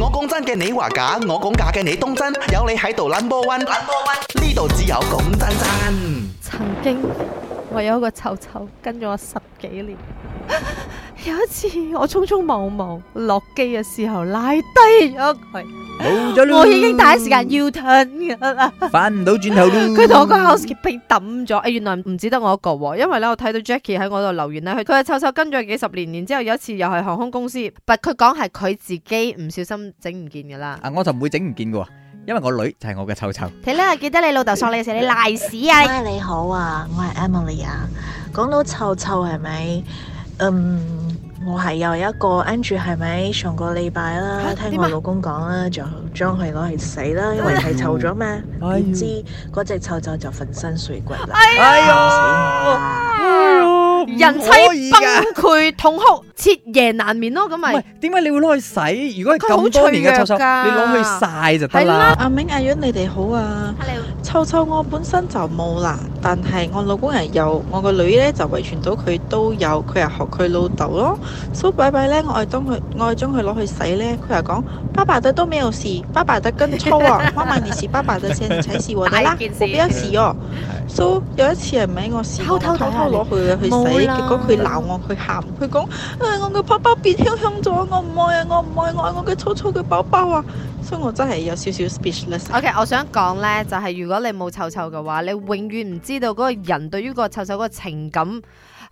我講真嘅，你話假；我講假嘅，你當真。有你喺度，number one，number one，呢度只有咁。真真。曾經我有一個臭臭，跟咗我十幾年。 有一次我匆匆忙忙落機嘅時候拉低咗佢，冇咗我已經第一時間要褪噶啦，翻唔到轉頭佢同我個手機抌咗，原來唔止得我一個喎，因為咧我睇到 Jackie 喺我度留言咧，佢佢嘅臭臭跟咗幾十年，然之後有一次又係航空公司，不佢講係佢自己唔小心整唔見噶啦，啊，啊我就唔會整唔見噶，因為我女就係我嘅臭臭，你 咧記得你老豆送你時你瀨屎啊，你好啊，我係 Emily 啊，講到臭臭係咪，嗯。我係又一個 Angie，係咪上個禮拜啦、啊？聽我老公講啦，就將佢攞去洗啦，因為係臭咗咩？我、哎、知嗰隻臭臭就粉身碎骨啦！哎呀、哎，人妻崩潰痛哭，徹夜難眠咯，咁咪點解你會攞去洗？如果係咁多年嘅臭臭，你攞去曬就得啦。阿明阿潤，你哋、啊啊、好啊！Hello. 臭臭我本身就冇啦，但係我老公人有，我個女咧就遺傳到佢都有，佢又學佢老豆咯。蘇、so, 拜拜咧，我係將佢，我係將佢攞去洗咧，佢又講爸爸仔都未有事，爸爸仔跟臭啊。 媽媽」我問你事，爸爸仔先請示我哋啦，冇咩事哦。蘇、so, 有一次係咪我偷偷偷偷攞去去洗，結果佢鬧我，佢喊，佢講啊我個包包變香香咗，我唔愛，我唔愛我愛我嘅粗粗嘅包包啊！我真係有少少 speechless。OK，我想講咧，就係、是、如果你冇臭臭嘅話，你永遠唔知道嗰個人對於個臭臭嗰個情感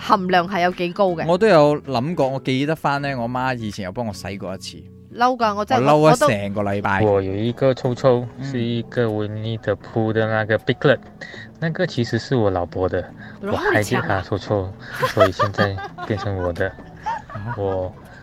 含量係有幾高嘅。我都有諗過，我記得翻咧，我媽以前有幫我洗過一次。嬲噶，我真係嬲咗成個禮拜。我有一個臭臭是一個 we need to pull 的那個 big Lip，、嗯、那個其實是我老婆的，我看見她臭臭，所以現在變成我的， 我。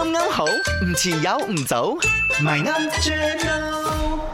啱、嗯、啱好，唔遲又唔早，My name is Gino。